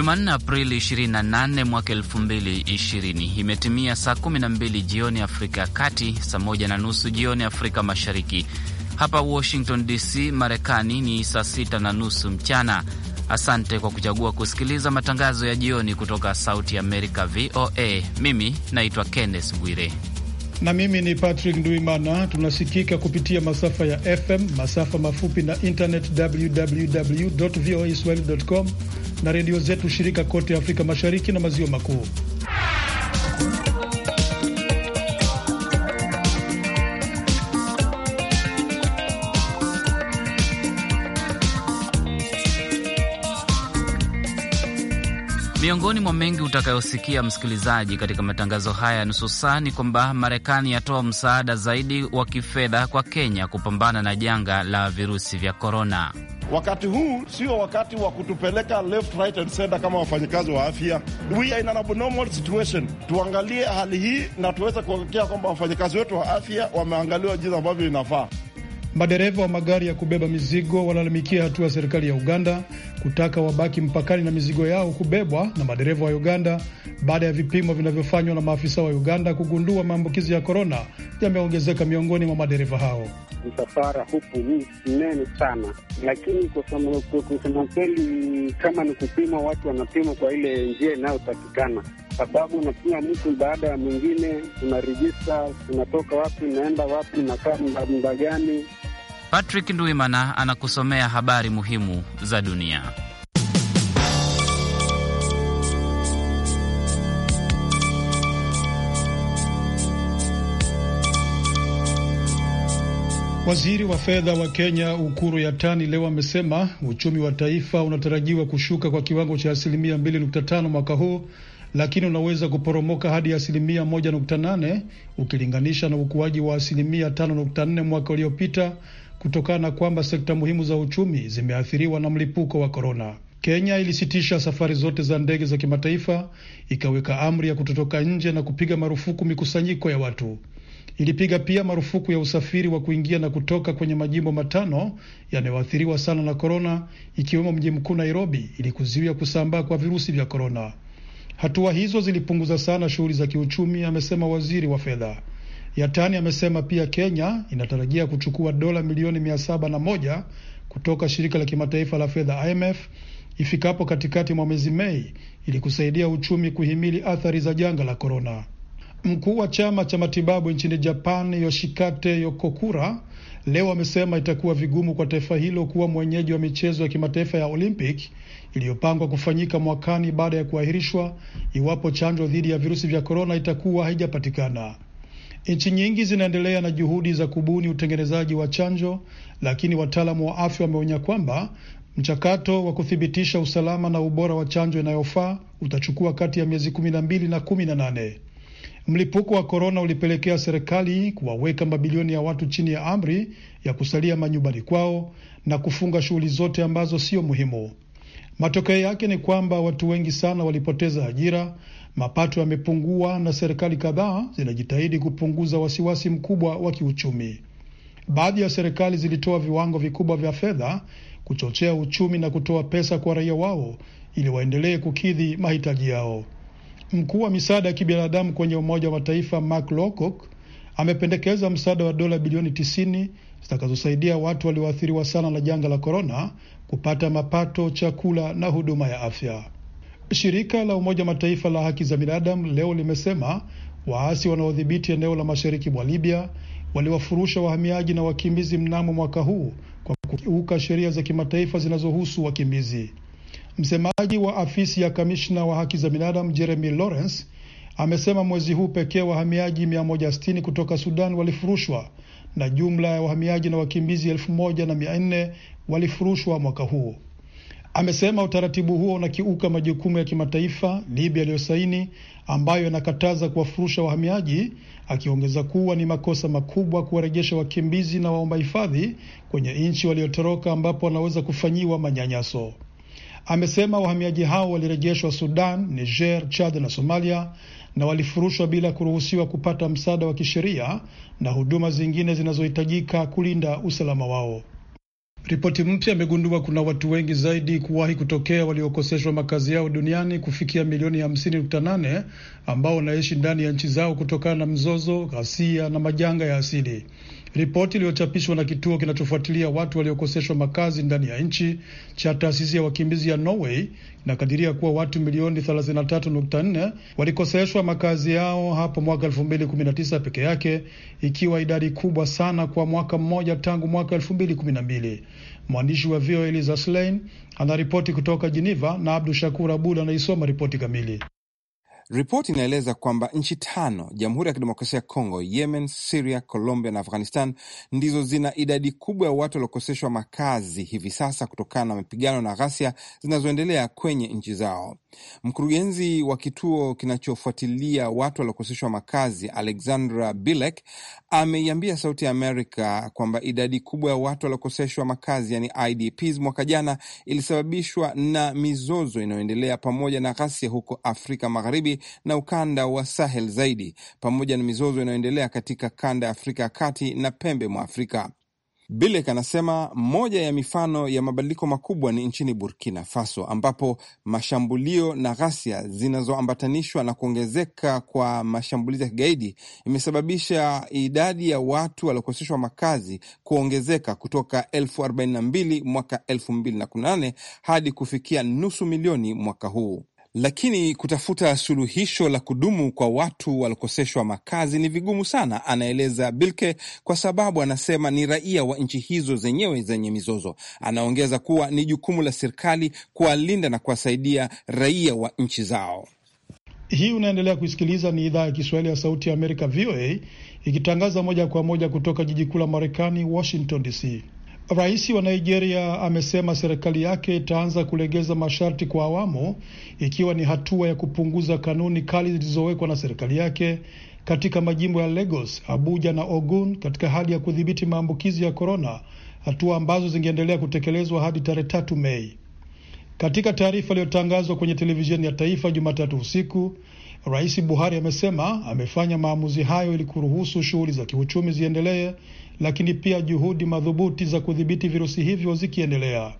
Jumanne, Aprili 28 mwaka 2020, imetimia saa 12 jioni Afrika ya Kati, saa moja na nusu jioni Afrika Mashariki. Hapa Washington DC, Marekani ni saa sita na nusu mchana. Asante kwa kuchagua kusikiliza matangazo ya jioni kutoka Sauti ya Amerika, VOA. Mimi naitwa Kenneth Bwire na mimi ni Patrick Nduimana. Tunasikika kupitia masafa ya FM, masafa mafupi na internet, www voa swahili com, na redio zetu shirika kote Afrika Mashariki na Maziwa Makuu. Miongoni mwa mengi utakayosikia msikilizaji katika matangazo haya nusu saa ni kwamba Marekani yatoa msaada zaidi wa kifedha kwa Kenya kupambana na janga la virusi vya korona. Wakati huu sio wakati wa kutupeleka left right and center kama wafanyikazi wa afya. We are in an abnormal situation. Tuangalie hali hii na tuweze kuhakikisha kwamba wafanyikazi wetu wa afya wameangaliwa jinsi ambavyo inafaa. Madereva wa magari ya kubeba mizigo walalamikia hatua ya serikali ya Uganda kutaka wabaki mpakani na mizigo yao kubebwa na madereva wa Uganda baada ya vipimo vinavyofanywa na maafisa wa Uganda kugundua maambukizi ya korona yameongezeka miongoni mwa madereva hao. Msafara huku ni mnene sana, lakini kusema kweli, kama ni kupima, watu wanapima kwa ile njia inayotakikana, sababu unapima mtu baada ya mwingine, unarejista, unatoka wapi, unaenda wapi, unakaa muda gani Patrick Ndwimana anakusomea habari muhimu za dunia. Waziri wa fedha wa Kenya Ukuru Yatani leo amesema uchumi wa taifa unatarajiwa kushuka kwa kiwango cha asilimia 2.5 mwaka huu, lakini unaweza kuporomoka hadi asilimia 1.8 ukilinganisha na ukuaji wa asilimia 5.4 mwaka uliopita, kutokana na kwamba sekta muhimu za uchumi zimeathiriwa na mlipuko wa korona. Kenya ilisitisha safari zote za ndege za kimataifa, ikaweka amri ya kutotoka nje na kupiga marufuku mikusanyiko ya watu. Ilipiga pia marufuku ya usafiri wa kuingia na kutoka kwenye majimbo matano yanayoathiriwa sana na korona, ikiwemo mji mkuu Nairobi, ili kuzuia kusambaa kwa virusi vya korona. Hatua hizo zilipunguza sana shughuli za kiuchumi, amesema waziri wa fedha. Yatani amesema pia Kenya inatarajia kuchukua dola milioni mia saba na moja kutoka shirika la kimataifa la fedha IMF ifikapo katikati mwa mwezi Mei ili kusaidia uchumi kuhimili athari za janga la korona. Mkuu wa chama cha matibabu nchini Japan, Yoshikate Yokokura, leo amesema itakuwa vigumu kwa taifa hilo kuwa mwenyeji wa michezo ya kimataifa ya Olympic iliyopangwa kufanyika mwakani baada ya kuahirishwa iwapo chanjo dhidi ya virusi vya korona itakuwa haijapatikana. Nchi nyingi zinaendelea na juhudi za kubuni utengenezaji wa chanjo, lakini wataalamu wa afya wameonya kwamba mchakato wa kuthibitisha usalama na ubora wa chanjo inayofaa utachukua kati ya miezi kumi na mbili na kumi na nane. Mlipuko wa korona ulipelekea serikali kuwaweka mabilioni ya watu chini ya amri ya kusalia manyumbani kwao na kufunga shughuli zote ambazo sio muhimu. Matokeo yake ni kwamba watu wengi sana walipoteza ajira Mapato yamepungua na serikali kadhaa zinajitahidi kupunguza wasiwasi mkubwa wa kiuchumi. Baadhi ya serikali zilitoa viwango vikubwa vya fedha kuchochea uchumi na kutoa pesa kwa raia wao ili waendelee kukidhi mahitaji yao. Mkuu wa misaada ya kibinadamu kwenye Umoja wa Mataifa Mark Lowcock amependekeza msaada wa dola bilioni tisini zitakazosaidia watu walioathiriwa sana na janga la korona kupata mapato, chakula na huduma ya afya. Shirika la Umoja Mataifa la haki za binadamu leo limesema waasi wanaodhibiti eneo la mashariki mwa Libya waliwafurusha wahamiaji na wakimbizi mnamo mwaka huu kwa kukiuka sheria za kimataifa zinazohusu wakimbizi. Msemaji wa afisi ya kamishna wa haki za binadamu Jeremy Lawrence amesema mwezi huu pekee wahamiaji 160 kutoka Sudan walifurushwa na jumla ya wahamiaji na wakimbizi elfu walifurushwa mwaka huu. Amesema utaratibu huo unakiuka majukumu ya kimataifa Libya aliyosaini ambayo inakataza kuwafurusha wahamiaji, akiongeza kuwa ni makosa makubwa kuwarejesha wakimbizi na waomba hifadhi kwenye nchi waliotoroka ambapo wanaweza kufanyiwa manyanyaso. Amesema wahamiaji hao walirejeshwa Sudan, Niger, Chad na Somalia na walifurushwa bila kuruhusiwa kupata msaada wa kisheria na huduma zingine zinazohitajika kulinda usalama wao. Ripoti mpya imegundua kuna watu wengi zaidi kuwahi kutokea waliokoseshwa makazi yao duniani kufikia milioni hamsini nukta nane ambao wanaishi ndani ya nchi zao kutokana na mzozo, ghasia na majanga ya asili. Ripoti iliyochapishwa na kituo kinachofuatilia watu waliokoseshwa makazi ndani ya nchi cha taasisi ya wakimbizi ya Norway inakadiria kuwa watu milioni 33.4 walikoseshwa makazi yao hapo mwaka 2019 peke yake, ikiwa idadi kubwa sana kwa mwaka mmoja tangu mwaka 2012. Mwandishi wa VOA Eliza Slein anaripoti kutoka Geneva na Abdu Shakur Abud anaisoma ripoti kamili. Ripoti inaeleza kwamba nchi tano: Jamhuri ya Kidemokrasia ya Kongo, Yemen, Siria, Colombia na Afghanistan ndizo zina idadi kubwa ya watu waliokoseshwa makazi hivi sasa kutokana na mapigano na ghasia zinazoendelea kwenye nchi zao. Mkurugenzi wa kituo kinachofuatilia watu waliokoseshwa makazi Alexandra Bilek ameiambia Sauti ya Amerika kwamba idadi kubwa ya watu waliokoseshwa makazi yani IDPs mwaka jana ilisababishwa na mizozo inayoendelea pamoja na ghasia huko Afrika Magharibi na ukanda wa Sahel zaidi pamoja na mizozo inayoendelea katika kanda ya Afrika ya kati na pembe mwa Afrika. Bilek anasema moja ya mifano ya mabadiliko makubwa ni nchini Burkina Faso, ambapo mashambulio na ghasia zinazoambatanishwa na kuongezeka kwa mashambulizi ya kigaidi imesababisha idadi ya watu waliokoseshwa makazi kuongezeka kutoka elfu 42 mwaka 2018 hadi kufikia nusu milioni mwaka huu lakini kutafuta suluhisho la kudumu kwa watu walikoseshwa makazi ni vigumu sana, anaeleza Bilke, kwa sababu anasema ni raia wa nchi hizo zenyewe zenye mizozo. Anaongeza kuwa ni jukumu la serikali kuwalinda na kuwasaidia raia wa nchi zao. Hii unaendelea kuisikiliza, ni idhaa ya Kiswahili ya Sauti ya Amerika, VOA, ikitangaza moja kwa moja kutoka jiji kuu la Marekani, Washington DC. Rais wa Nigeria amesema serikali yake itaanza kulegeza masharti kwa awamu, ikiwa ni hatua ya kupunguza kanuni kali zilizowekwa na serikali yake katika majimbo ya Lagos, Abuja na Ogun katika hali ya kudhibiti maambukizi ya korona, hatua ambazo zingeendelea kutekelezwa hadi tarehe tatu Mei. Katika taarifa iliyotangazwa kwenye televisheni ya taifa Jumatatu usiku, Rais Buhari amesema amefanya maamuzi hayo ili kuruhusu shughuli za kiuchumi ziendelee, lakini pia juhudi madhubuti za kudhibiti virusi hivyo zikiendelea.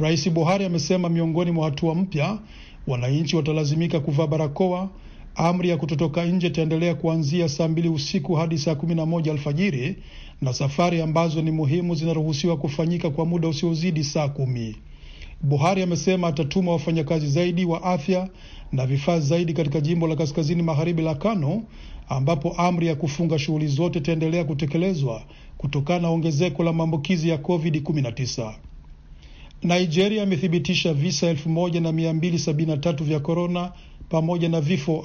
Rais Buhari amesema miongoni mwa hatua mpya, wananchi watalazimika kuvaa barakoa. Amri ya kutotoka nje itaendelea kuanzia saa mbili usiku hadi saa kumi na moja alfajiri na safari ambazo ni muhimu zinaruhusiwa kufanyika kwa muda usiozidi saa kumi. Buhari amesema atatuma wafanyakazi zaidi wa afya na vifaa zaidi katika jimbo la kaskazini magharibi la Kano ambapo amri ya kufunga shughuli zote itaendelea kutekelezwa kutokana na ongezeko la maambukizi ya COVID-19. Nigeria imethibitisha visa 1273 vya korona pamoja na vifo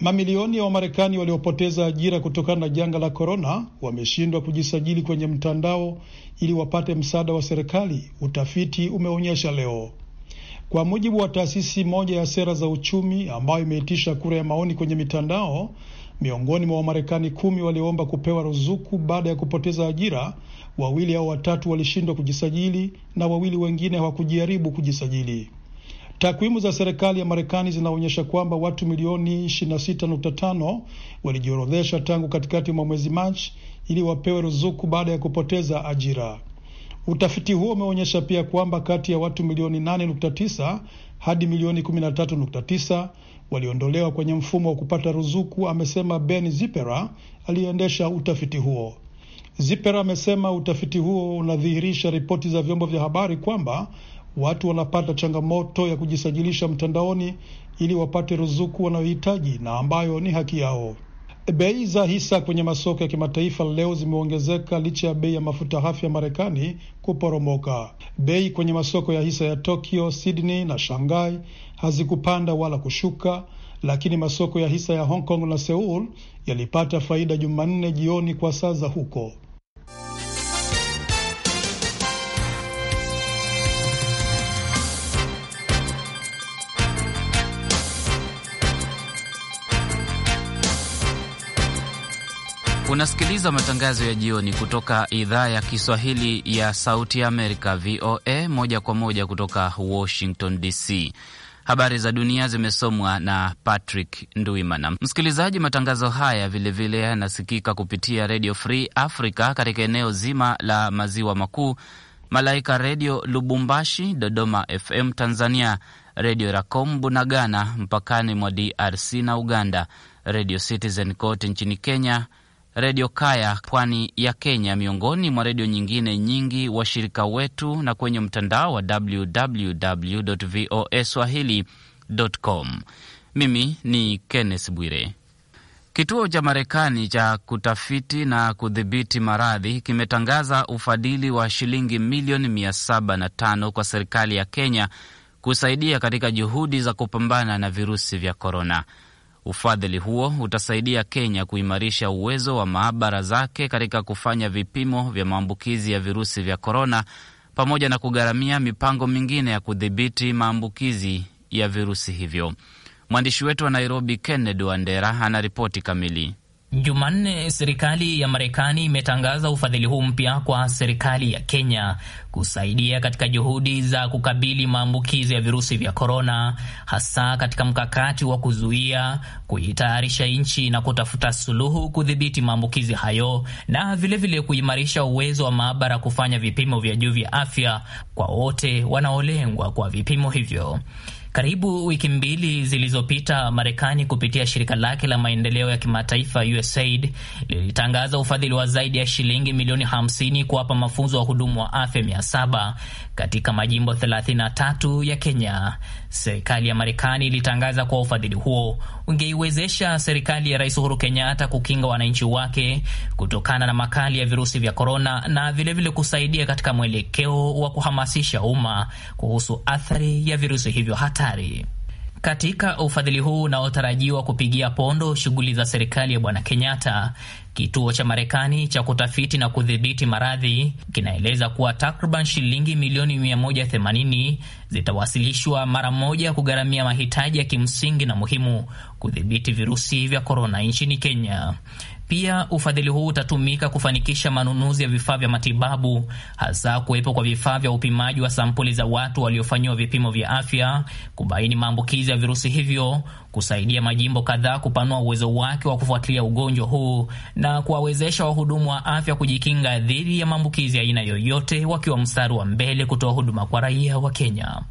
Mamilioni ya Wamarekani waliopoteza ajira kutokana na janga la korona wameshindwa kujisajili kwenye mtandao ili wapate msaada wa serikali, utafiti umeonyesha leo, kwa mujibu wa taasisi moja ya sera za uchumi ambayo imeitisha kura ya maoni kwenye mitandao. Miongoni mwa Wamarekani kumi walioomba kupewa ruzuku baada ya kupoteza ajira, wawili au watatu walishindwa kujisajili na wawili wengine hawakujaribu kujisajili. Takwimu za serikali ya Marekani zinaonyesha kwamba watu milioni 26.5 walijiorodhesha tangu katikati mwa mwezi Machi ili wapewe ruzuku baada ya kupoteza ajira. Utafiti huo umeonyesha pia kwamba kati ya watu milioni 8.9 hadi milioni 13.9 waliondolewa kwenye mfumo wa kupata ruzuku, amesema Ben Zipera aliyeendesha utafiti huo. Zipera amesema utafiti huo unadhihirisha ripoti za vyombo vya habari kwamba watu wanapata changamoto ya kujisajilisha mtandaoni ili wapate ruzuku wanayohitaji na ambayo ni haki yao. Bei za hisa kwenye masoko ya kimataifa leo zimeongezeka licha ya bei ya mafuta hafi ya Marekani kuporomoka. Bei kwenye masoko ya hisa ya Tokyo, Sydney na Shanghai hazikupanda wala kushuka, lakini masoko ya hisa ya Hong Kong na Seoul yalipata faida Jumanne jioni kwa saa za huko. Unasikiliza matangazo ya jioni kutoka idhaa ya Kiswahili ya Sauti ya Amerika, VOA, moja kwa moja kutoka Washington DC. Habari za dunia zimesomwa na Patrick Nduimana. Msikilizaji, matangazo haya vilevile yanasikika kupitia Redio Free Africa katika eneo zima la maziwa makuu, Malaika Redio Lubumbashi, Dodoma FM Tanzania, Redio Racom Bunagana mpakani mwa DRC na Uganda, Redio Citizen kote nchini Kenya, Redio Kaya pwani ya Kenya, miongoni mwa redio nyingine nyingi washirika wetu, na kwenye mtandao wa www voa swahili.com. Mimi ni Kenneth Bwire. Kituo cha Marekani cha kutafiti na kudhibiti maradhi kimetangaza ufadhili wa shilingi milioni 705 kwa serikali ya Kenya kusaidia katika juhudi za kupambana na virusi vya korona. Ufadhili huo utasaidia Kenya kuimarisha uwezo wa maabara zake katika kufanya vipimo vya maambukizi ya virusi vya korona pamoja na kugharamia mipango mingine ya kudhibiti maambukizi ya virusi hivyo. Mwandishi wetu wa Nairobi, Kennedy Wandera, ana ripoti kamili. Jumanne serikali ya Marekani imetangaza ufadhili huu mpya kwa serikali ya Kenya kusaidia katika juhudi za kukabili maambukizi ya virusi vya korona, hasa katika mkakati wa kuzuia, kuitayarisha nchi na kutafuta suluhu kudhibiti maambukizi hayo, na vilevile kuimarisha uwezo wa maabara kufanya vipimo vya juu vya afya kwa wote wanaolengwa kwa vipimo hivyo. Karibu wiki mbili zilizopita, Marekani kupitia shirika lake la maendeleo ya kimataifa USAID lilitangaza ufadhili wa zaidi ya shilingi milioni 50 kuwapa mafunzo wa hudumu wa afya 700 katika majimbo 33 ya Kenya. Serikali ya Marekani ilitangaza kuwa ufadhili huo ungeiwezesha serikali ya Rais Uhuru Kenyatta kukinga wananchi wake kutokana na makali ya virusi vya korona na vilevile vile kusaidia katika mwelekeo wa kuhamasisha umma kuhusu athari ya virusi hivyo hatari. Katika ufadhili huu unaotarajiwa kupigia pondo shughuli za serikali ya Bwana Kenyatta, kituo cha Marekani cha kutafiti na kudhibiti maradhi kinaeleza kuwa takriban shilingi milioni 180 zitawasilishwa mara moja kugharamia mahitaji ya kimsingi na muhimu kudhibiti virusi vya korona nchini Kenya. Pia ufadhili huu utatumika kufanikisha manunuzi ya vifaa vya matibabu, hasa kuwepo kwa vifaa vya upimaji wa sampuli za watu waliofanyiwa vipimo vya afya kubaini maambukizi ya virusi hivyo, kusaidia majimbo kadhaa kupanua uwezo wake wa kufuatilia ugonjwa huu na kuwawezesha wahudumu wa afya kujikinga dhidi ya maambukizi ya aina yoyote, wakiwa mstari wa mbele kutoa huduma kwa raia wa Kenya.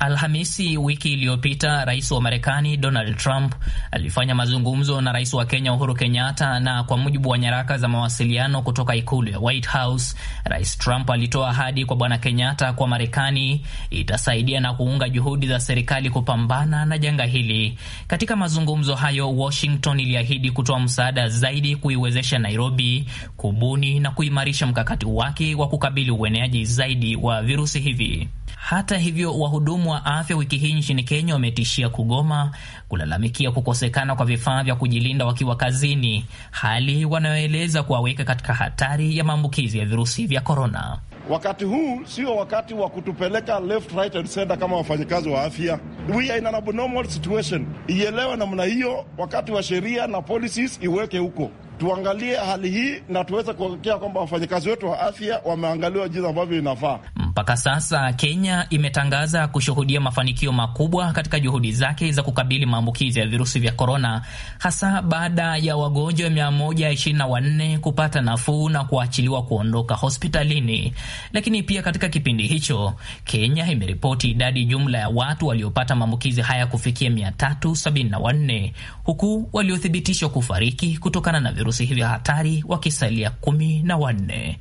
Alhamisi wiki iliyopita rais wa Marekani Donald Trump alifanya mazungumzo na rais wa Kenya Uhuru Kenyatta, na kwa mujibu wa nyaraka za mawasiliano kutoka ikulu ya White House, rais Trump alitoa ahadi kwa bwana Kenyatta kwa Marekani itasaidia na kuunga juhudi za serikali kupambana na janga hili. Katika mazungumzo hayo, Washington iliahidi kutoa msaada zaidi kuiwezesha Nairobi kubuni na kuimarisha mkakati wake wa kukabili ueneaji zaidi wa virusi hivi. Hata hivyo wahudumu wa afya wiki hii nchini Kenya wametishia kugoma kulalamikia kukosekana kwa vifaa vya kujilinda wakiwa kazini, hali wanayoeleza kuwaweka katika hatari ya maambukizi ya virusi vya korona. Wakati huu sio wakati wa kutupeleka left right and center kama wafanyakazi wa afya. We are in an abnormal situation, ielewe namna hiyo. Wakati wa sheria na policies iweke huko, tuangalie hali hii na tuweze kuhakikisha kwamba wafanyakazi wetu wa afya wameangaliwa jinsi ambavyo inafaa. Mpaka sasa Kenya imetangaza kushuhudia mafanikio makubwa katika juhudi zake za kukabili maambukizi ya virusi vya korona, hasa baada ya wagonjwa 124 kupata nafuu na kuachiliwa kuondoka hospitalini. Lakini pia katika kipindi hicho Kenya imeripoti idadi jumla ya watu waliopata maambukizi haya kufikia 374 huku waliothibitishwa kufariki kutokana na virusi hivyo hatari wakisalia kumi na wanne.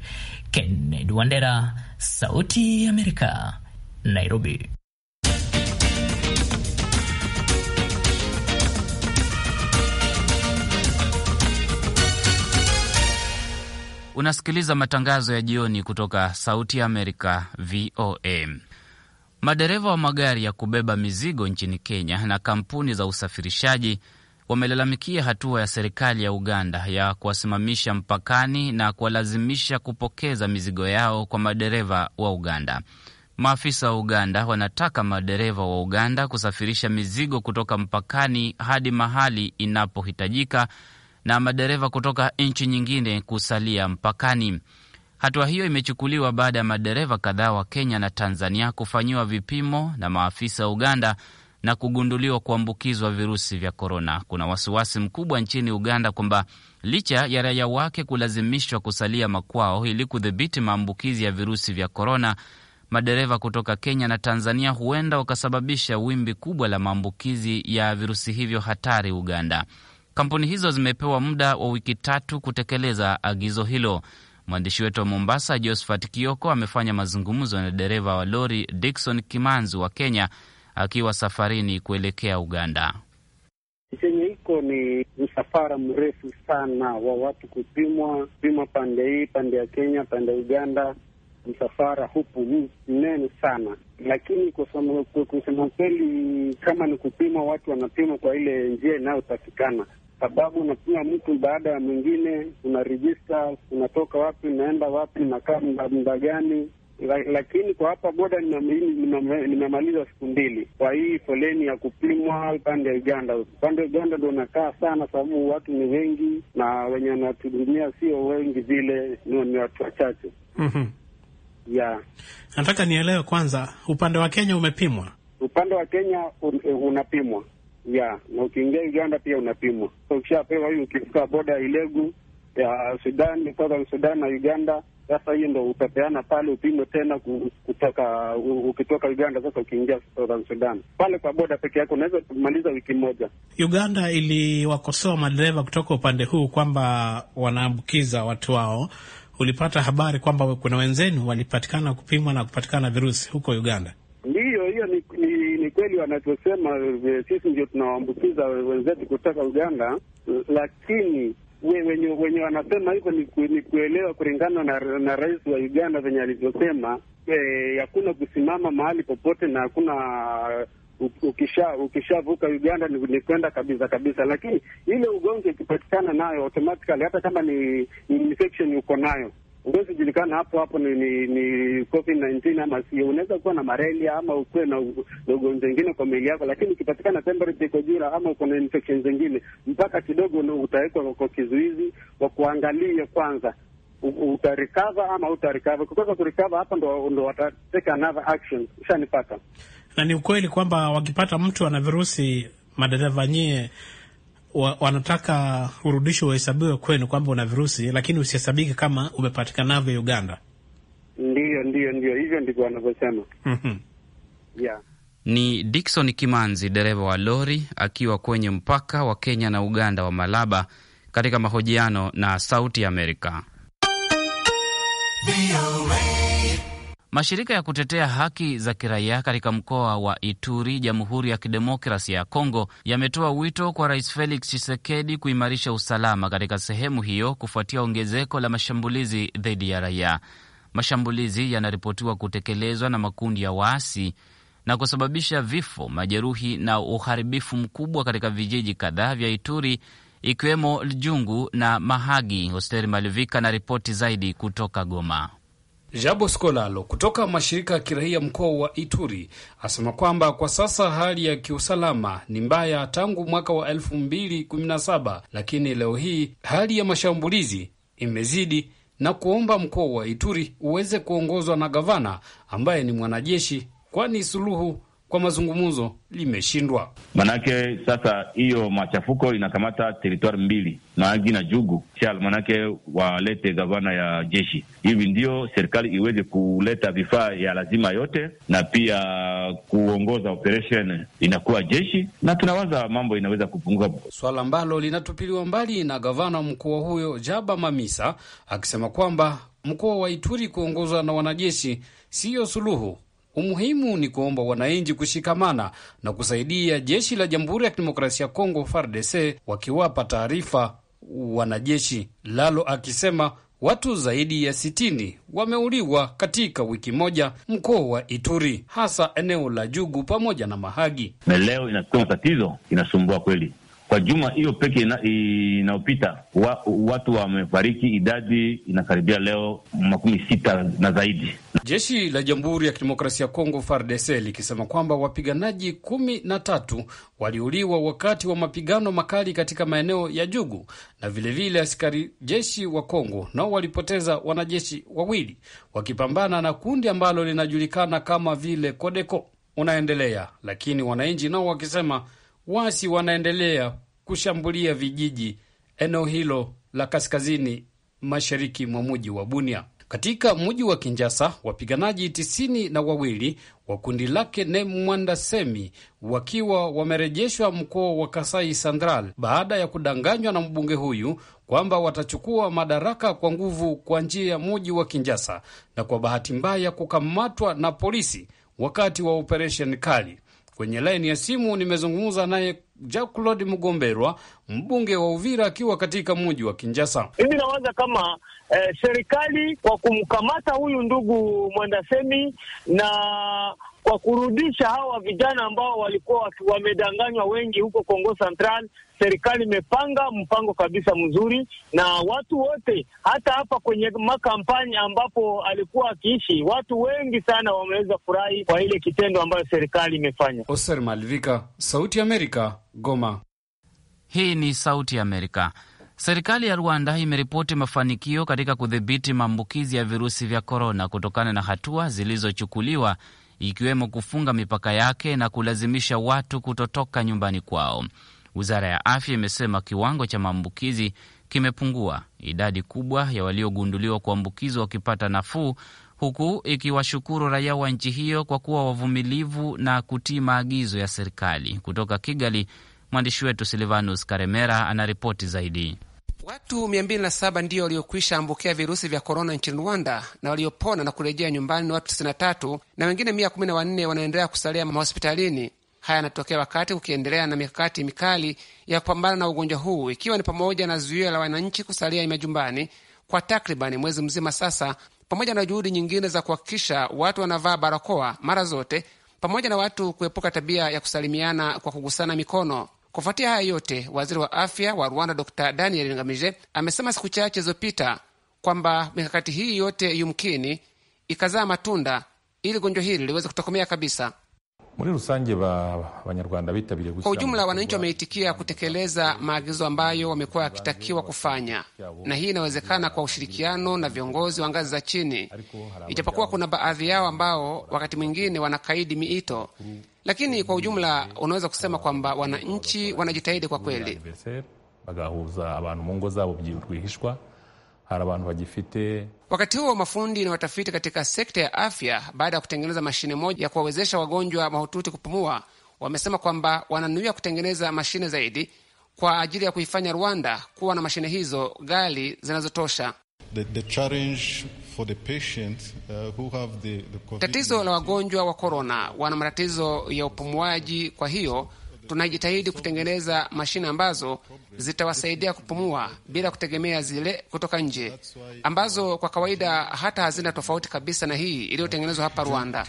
Kennedy Wandera, Sauti Amerika, Nairobi. Unasikiliza matangazo ya jioni kutoka Sauti ya Amerika, VOA. Madereva wa magari ya kubeba mizigo nchini Kenya na kampuni za usafirishaji wamelalamikia hatua ya serikali ya Uganda ya kuwasimamisha mpakani na kuwalazimisha kupokeza mizigo yao kwa madereva wa Uganda. Maafisa wa Uganda wanataka madereva wa Uganda kusafirisha mizigo kutoka mpakani hadi mahali inapohitajika na madereva kutoka nchi nyingine kusalia mpakani. Hatua hiyo imechukuliwa baada ya madereva kadhaa wa Kenya na Tanzania kufanyiwa vipimo na maafisa wa Uganda na kugunduliwa kuambukizwa virusi vya korona. Kuna wasiwasi mkubwa nchini Uganda kwamba licha ya raia wake kulazimishwa kusalia makwao ili kudhibiti maambukizi ya virusi vya korona, madereva kutoka Kenya na Tanzania huenda wakasababisha wimbi kubwa la maambukizi ya virusi hivyo hatari Uganda. Kampuni hizo zimepewa muda wa wiki tatu kutekeleza agizo hilo. Mwandishi wetu wa Mombasa, Josephat Kioko, amefanya mazungumzo na dereva wa lori dikson kimanzu wa Kenya akiwa safarini kuelekea Uganda. Chenye iko ni msafara mrefu sana wa watu kupimwa pima, pande hii, pande ya Kenya, pande ya Uganda. Msafara hupu mnene sana, lakini kusema kweli kama ni kupima, watu wanapima kwa ile njia inayotakikana, sababu unapima mtu baada ya mwingine, unarejista, unatoka wapi, unaenda wapi, unakaa muda gani lakini kwa hapa boda nimemaliza siku mbili kwa hii foleni ya kupimwa upande wa Uganda. Upande wa Uganda ndo nakaa sana, sababu watu ni wengi na wenye wanatuhudumia sio wengi vile, ni watu wachache. mm -hmm. Yeah, nataka nielewe kwanza, upande wa Kenya umepimwa? Upande wa Kenya un, eh, unapimwa yeah, na ukiingia Uganda pia unapimwa. So ukishapewa hii, ukifika boda Ilegu ya Sudan, Sudan na Uganda sasa hiyo ndo utapeana pale, upimwe tena kutoka ukitoka Uganda, sasa ukiingia Southern Sudan pale kwa boda peke yake unaweza kumaliza wiki moja. Uganda iliwakosoa madereva kutoka upande huu kwamba wanaambukiza watu wao. Ulipata habari kwamba kuna wenzenu walipatikana kupimwa na kupatikana virusi huko Uganda? Ndiyo, hiyo ni, ni, ni kweli wanachosema. Eh, sisi ndio tunawaambukiza wenzetu kutoka Uganda, lakini wenye wenye wanasema hivyo ni, ni kuelewa kulingana na, na rais wa Uganda venye alivyosema e, hakuna e, kusimama mahali popote na hakuna ukisha ukishavuka Uganda ni, ni kwenda kabisa kabisa, lakini ile ugonjwa ikipatikana nayo automatically hata kama ni, ni infection uko nayo julikana hapo hapo ni, ni, ni COVID 19 ama sio. Unaweza kuwa na malaria ama ukuwe na ugonjwa wengine kwa mwili yako, lakini ukipatikana temperature iko juu ama uko na infection zingine, mpaka kidogo utawekwa kwa kizuizi wa kuangalia kwanza utarecover ama utarecover. Kukosa kurecover, hapa ndo, ndo watateka another action. Ushanipata, na ni ukweli kwamba wakipata mtu ana virusi madereva nyie wa, wanataka urudisho uhesabiwe kwenu kwamba una virusi, lakini usihesabiki kama umepatikanavyo Uganda. Ndiyo, ndiyo, ndiyo, hivyo ndivyo wanavyosema. mm yeah. Ni Dickson Kimanzi, dereva wa lori akiwa kwenye mpaka wa Kenya na Uganda wa Malaba, katika mahojiano na Sauti Amerika. Mashirika ya kutetea haki za kiraia katika mkoa wa Ituri, Jamhuri ya Kidemokrasia ya Kongo, yametoa wito kwa Rais Felix Tshisekedi kuimarisha usalama katika sehemu hiyo kufuatia ongezeko la mashambulizi dhidi ya raia. Mashambulizi yanaripotiwa kutekelezwa na makundi ya waasi na kusababisha vifo, majeruhi na uharibifu mkubwa katika vijiji kadhaa vya Ituri ikiwemo Ljungu na Mahagi. Hosteri Malivika na ripoti zaidi kutoka Goma. Jabo Skolalo kutoka mashirika ya kiraia mkoa wa Ituri asema kwamba kwa sasa hali ya kiusalama ni mbaya tangu mwaka wa elfu lakini leo hii hali ya mashambulizi imezidi na kuomba mkoa wa Ituri uweze kuongozwa na gavana ambaye ni mwanajeshi, kwani suluhu kwa mazungumzo limeshindwa. Manake sasa hiyo machafuko inakamata teritwari mbili Mahagi na Jugu Shal, manake walete gavana ya jeshi hivi, ndio serikali iweze kuleta vifaa ya lazima yote, na pia kuongoza operation inakuwa jeshi, na tunawaza mambo inaweza kupunguka, swala ambalo linatupiliwa mbali na gavana mkuu huyo Jaba Mamisa akisema kwamba mkoa wa Ituri kuongozwa na wanajeshi siyo suluhu Umuhimu ni kuomba wananchi kushikamana na kusaidia jeshi la Jamhuri ya Kidemokrasia ya Kongo, FARDC, wakiwapa taarifa wanajeshi. Lalo akisema watu zaidi ya sitini wameuliwa katika wiki moja mkoa wa Ituri, hasa eneo la Jugu pamoja na Mahagi. Na leo inakuwa tatizo, inasumbua kweli kwa juma hiyo peke inayopita wa, watu wamefariki, idadi inakaribia leo makumi sita na zaidi. Jeshi la Jamhuri ya Kidemokrasia ya Kongo FARDC likisema kwamba wapiganaji kumi na tatu waliuliwa wakati wa mapigano makali katika maeneo ya Jugu, na vilevile vile askari jeshi wa Kongo nao walipoteza wanajeshi wawili wakipambana na kundi ambalo linajulikana kama vile Kodeko unaendelea, lakini wananchi nao wakisema wasi wanaendelea kushambulia vijiji eneo hilo la kaskazini mashariki mwa muji wa Bunia. Katika muji wa Kinjasa, wapiganaji tisini na wawili wa kundi lake ne semi wakiwa wamerejeshwa mkoa wa Kasai Central baada ya kudanganywa na mbunge huyu kwamba watachukua madaraka kwa nguvu kwa njia ya muji wa Kinjasa, na kwa bahati mbaya kukamatwa na polisi wakati wa operesheni kali. Kwenye laini ya simu nimezungumza naye Jacques Claude Mgomberwa, mbunge wa Uvira, akiwa katika muji wa kinjasa Mimi nawaza kama eh, serikali kwa kumkamata huyu ndugu Mwandasemi na kwa kurudisha hawa vijana ambao walikuwa wamedanganywa wengi huko Kongo Central. Serikali imepanga mpango kabisa mzuri na watu wote, hata hapa kwenye makampani ambapo alikuwa akiishi, watu wengi sana wameweza furahi kwa ile kitendo ambayo serikali imefanya. Oser Malvika, Sauti ya Amerika, Goma. Hii ni Sauti ya Amerika. Serikali ya Rwanda imeripoti mafanikio katika kudhibiti maambukizi ya virusi vya korona kutokana na hatua zilizochukuliwa ikiwemo kufunga mipaka yake na kulazimisha watu kutotoka nyumbani kwao. Wizara ya afya imesema kiwango cha maambukizi kimepungua, idadi kubwa ya waliogunduliwa kuambukizwa wakipata nafuu, huku ikiwashukuru raia wa nchi hiyo kwa kuwa wavumilivu na kutii maagizo ya serikali. Kutoka Kigali, mwandishi wetu Silvanus Karemera anaripoti zaidi. Watu 207 ndiyo waliokwisha ambukia virusi vya korona nchini Rwanda, na waliopona na kurejea nyumbani ni watu 93 na wengine 114 wanaendelea kusalia mahospitalini. Haya yanatokea wakati kukiendelea na mikakati mikali ya kupambana na ugonjwa huu, ikiwa ni pamoja na zuio la wananchi kusalia majumbani kwa takribani mwezi mzima sasa, pamoja na juhudi nyingine za kuhakikisha watu wanavaa barakoa mara zote, pamoja na watu kuepuka tabia ya kusalimiana kwa kugusana mikono. Kufuatia haya yote, waziri wa afya wa Rwanda Dr Daniel Ngamije amesema siku chache zilizopita kwamba mikakati hii yote yumkini ikazaa matunda ili gonjwa hili liweze kutokomea kabisa. Kwa ujumla, wananchi wameitikia kutekeleza maagizo ambayo wamekuwa wakitakiwa kufanya, na hii inawezekana kwa ushirikiano na viongozi wa ngazi za chini, ijapokuwa kuna baadhi yao ambao wakati mwingine wanakaidi miito, lakini kwa ujumla unaweza kusema kwamba wananchi wanajitahidi kwa kweli. Wakati huo mafundi na watafiti katika sekta ya afya, baada ya kutengeneza mashine moja ya kuwawezesha wagonjwa mahututi kupumua, wamesema kwamba wananuia kutengeneza mashine zaidi kwa ajili ya kuifanya Rwanda kuwa na mashine hizo ghali zinazotosha. The, the challenge Uh, tatizo la wagonjwa wa korona, wana matatizo ya upumuaji. Kwa hiyo tunajitahidi kutengeneza mashine ambazo zitawasaidia kupumua bila kutegemea zile kutoka nje, ambazo kwa kawaida hata hazina tofauti kabisa na hii iliyotengenezwa hapa Rwanda.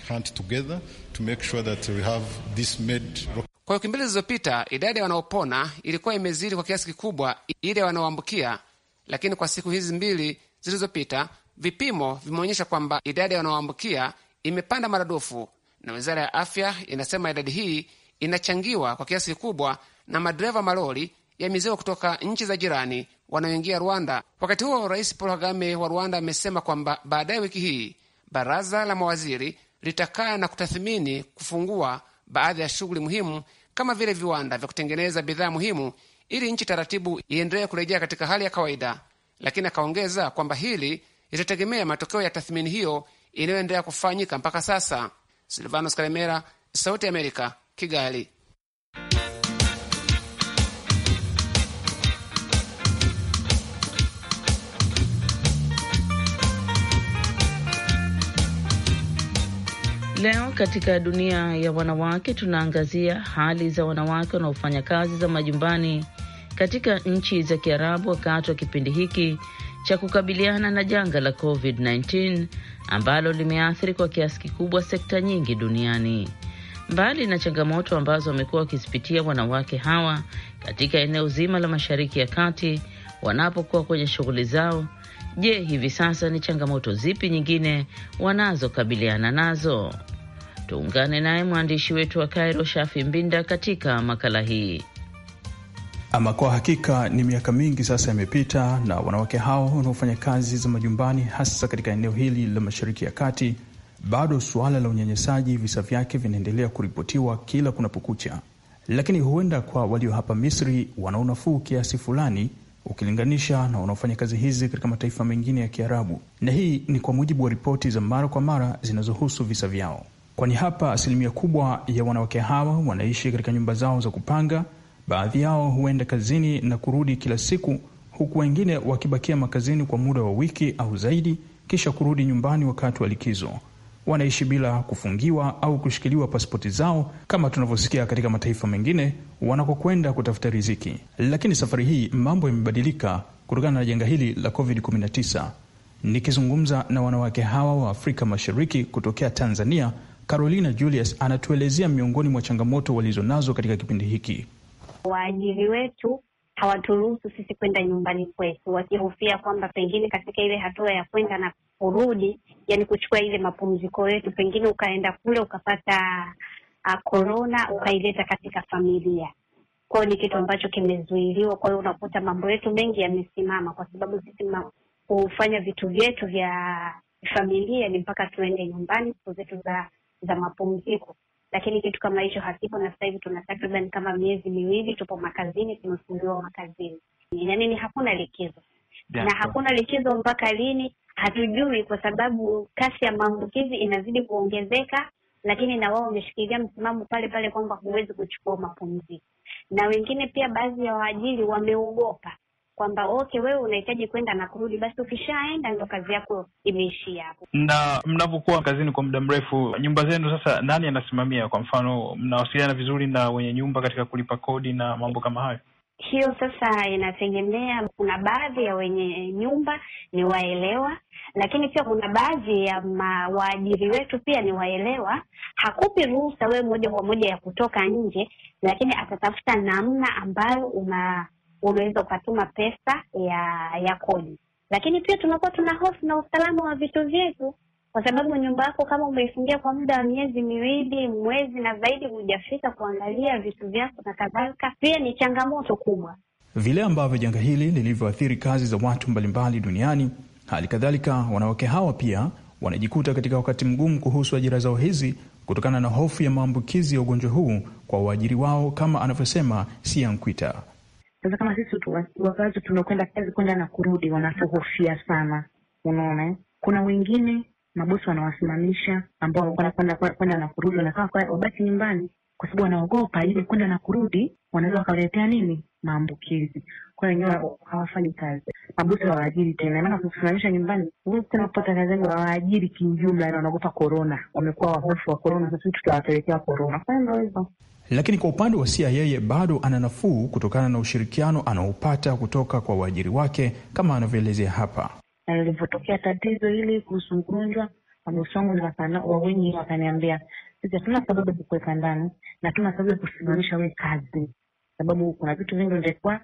Kwa wiki mbili zilizopita, idadi ya wanaopona ilikuwa imezidi kwa kiasi kikubwa ile wanaoambukia, lakini kwa siku hizi mbili zilizopita Vipimo vimeonyesha kwamba idadi ya wanaoambukia imepanda maradufu, na wizara ya afya inasema idadi hii inachangiwa kwa kiasi kikubwa na madereva malori ya mizigo kutoka nchi za jirani wanaoingia Rwanda. Wakati huo Rais Paul Kagame wa Rwanda amesema kwamba baadaye wiki hii baraza la mawaziri litakaa na kutathimini kufungua baadhi ya shughuli muhimu kama vile viwanda vya kutengeneza bidhaa muhimu ili nchi taratibu iendelee kurejea katika hali ya kawaida, lakini akaongeza kwamba hili itategemea matokeo ya tathmini hiyo inayoendelea kufanyika mpaka sasa. Silvanos Kalemera, Sauti ya Amerika, Kigali. Leo katika dunia ya wanawake tunaangazia hali za wanawake wanaofanya kazi za majumbani katika nchi za Kiarabu wakati wa kipindi hiki cha kukabiliana na janga la COVID-19 ambalo limeathiri kwa kiasi kikubwa sekta nyingi duniani. Mbali na changamoto ambazo wamekuwa wakizipitia wanawake hawa katika eneo zima la Mashariki ya Kati wanapokuwa kwenye shughuli zao, je, hivi sasa ni changamoto zipi nyingine wanazokabiliana nazo? Tuungane naye mwandishi wetu wa Kairo, Shafi Mbinda, katika makala hii. Ama kwa hakika ni miaka mingi sasa yamepita, na wanawake hao wanaofanya kazi za majumbani hasa katika eneo hili la Mashariki ya Kati, bado suala la unyanyasaji, visa vyake vinaendelea kuripotiwa kila kunapokucha. Lakini huenda kwa walio hapa Misri wanaonafuu kiasi fulani ukilinganisha na wanaofanya kazi hizi katika mataifa mengine ya Kiarabu, na hii ni kwa mujibu wa ripoti za mara kwa mara zinazohusu visa vyao, kwani hapa asilimia kubwa ya wanawake hawa wanaishi katika nyumba zao za kupanga Baadhi yao huenda kazini na kurudi kila siku, huku wengine wakibakia makazini kwa muda wa wiki au zaidi, kisha kurudi nyumbani wakati wa likizo. Wanaishi bila kufungiwa au kushikiliwa pasipoti zao kama tunavyosikia katika mataifa mengine wanakokwenda kutafuta riziki. Lakini safari hii mambo yamebadilika kutokana na janga hili la COVID-19. Nikizungumza na wanawake hawa wa Afrika Mashariki kutokea Tanzania, Carolina Julius anatuelezea miongoni mwa changamoto walizonazo katika kipindi hiki. Waajiri wetu hawaturuhusu sisi kwenda nyumbani kwetu, wakihofia kwamba pengine katika ile hatua ya kwenda na kurudi, yani kuchukua ile mapumziko yetu, pengine ukaenda kule ukapata korona ah, uh, ukaileta katika familia kwao. Ni kitu ambacho kimezuiliwa, kwa hiyo unakuta mambo yetu mengi yamesimama, kwa sababu sisi hufanya vitu vyetu vya familia ni mpaka tuende nyumbani siku zetu za za mapumziko lakini kitu kama hicho hakipo, na sasa hivi tuna takriban kama miezi miwili tupo makazini, tumefungiwa makazini, yaani ni hakuna likizo yeah, na hakuna likizo mpaka lini hatujui, kwa sababu kasi ya maambukizi inazidi kuongezeka, lakini na wao wameshikilia msimamo pale pale kwamba huwezi kuchukua mapumziko, na wengine pia, baadhi ya waajili wameogopa kwamba okay, wewe unahitaji kwenda na kurudi, basi ukishaenda ndio kazi yako imeishia hapo. Na mnapokuwa kazini kwa muda mrefu, nyumba zenu sasa nani anasimamia? Kwa mfano, mnawasiliana vizuri na wenye nyumba katika kulipa kodi na mambo kama hayo? Hiyo sasa inategemea. Kuna baadhi ya wenye nyumba ni waelewa, lakini pia kuna baadhi ya waajiri wetu pia ni waelewa. Hakupi ruhusa wewe moja kwa moja ya kutoka nje, lakini atatafuta namna ambayo una unaweza ukatuma pesa ya ya kodi, lakini pia tunakuwa tuna hofu na usalama wa vitu vyetu, kwa sababu nyumba yako kama umeifungia kwa muda wa miezi miwili, mwezi na zaidi, hujafika kuangalia vitu vyako na kadhalika, pia ni changamoto kubwa. Vile ambavyo janga hili lilivyoathiri kazi za watu mbalimbali duniani, hali kadhalika wanawake hawa pia wanajikuta katika wakati mgumu kuhusu ajira zao hizi kutokana na hofu ya maambukizi ya ugonjwa huu kwa uajiri wao, kama anavyosema Nkwita. Sasa kama sisi wakazi tunakwenda kazi kwenda na kurudi, wanatuhofia sana, unaona. Kuna wengine mabosi wanawasimamisha ambao wanakwenda kwenda na kurudi, wanataka wabaki nyumbani kwa sababu wanaogopa ili kwenda na kurudi, wanaweza wakaletea nini, maambukizi. Kwa hiyo wenyewe hawafanyi kazi, mabosi hawaajiri tena, maana kusimamisha nyumbani huwezi tena kupata kazi, hawaajiri kiujumla, na yaani wanaogopa korona, wamekuwa wahofu wa korona. Sasa tutawapelekea korona, kwa hiyo ndo hivyo. Lakini kwa upande wa Sia, yeye bado ana nafuu kutokana na ushirikiano anaopata kutoka kwa waajiri wake, kama anavyoelezea hapa. Na lilivyotokea tatizo hili kuhusu mgonjwa, wawenye wakaniambia sisi hatuna sababu ya kukuweka ndani na hatuna sababu ya kusimamisha we kazi, sababu kuna vitu vingi vilikuwa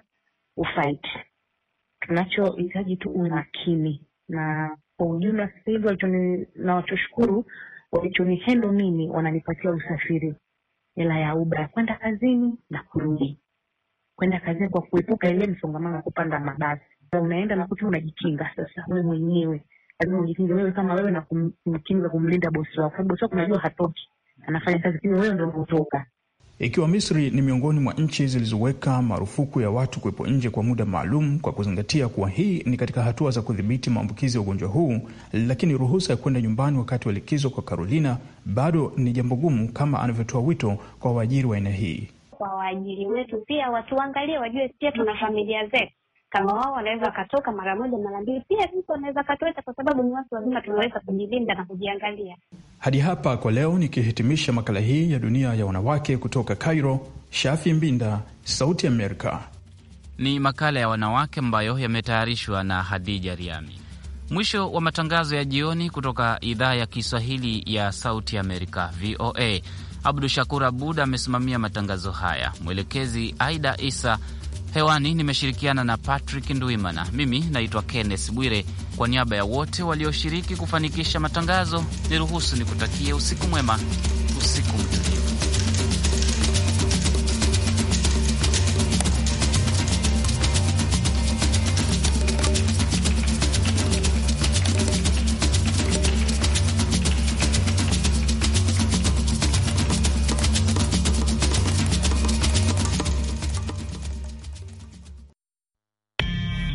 ufaiti. Tunachohitaji tu uwe makini. Na kwa ujumla sasa hivi na wachoshukuru, walichonihendo mimi, wananipatia usafiri hela ya uba ya kwenda kazini na kurudi, kwenda kazini kwa kuepuka ile msongamano, wa kupanda mabasi. Unaenda nakuta unajikinga sasa wewe mwenyewe, lazima ujikinge wewe kama wewe na kumkinga, kumlinda bosi wako. Bosi wako unajua hatoki, anafanya kazi, lakini wewe ndio unatoka ikiwa Misri ni miongoni mwa nchi zilizoweka marufuku ya watu kuwepo nje kwa muda maalum, kwa kuzingatia kuwa hii ni katika hatua za kudhibiti maambukizi ya ugonjwa huu. Lakini ruhusa ya kwenda nyumbani wakati wa likizo kwa Carolina bado ni jambo gumu, kama anavyotoa wito kwa waajiri wa aina hii. Kwa waajiri wetu pia watuangalie, wajue pia tuna familia zetu kama wao wanaweza wakatoka mara moja mara mbili, pia sisi wanaweza wakatoka, kwa sababu ni watu wazima, tunaweza kujilinda na kujiangalia. Hadi hapa kwa leo, nikihitimisha makala hii ya dunia ya wanawake kutoka Cairo. Shafi Mbinda, Sauti Amerika. Ni makala ya wanawake ambayo yametayarishwa na Hadija Riami. Mwisho wa matangazo ya jioni kutoka idhaa ya Kiswahili ya Sauti Amerika, VOA. Abdu Shakur Abud amesimamia matangazo haya, mwelekezi Aida Isa. Hewani nimeshirikiana na Patrick Ndwimana. Mimi naitwa Kenneth Bwire. Kwa niaba ya wote walioshiriki kufanikisha matangazo, niruhusu nikutakie usiku mwema, usiku mtulivu.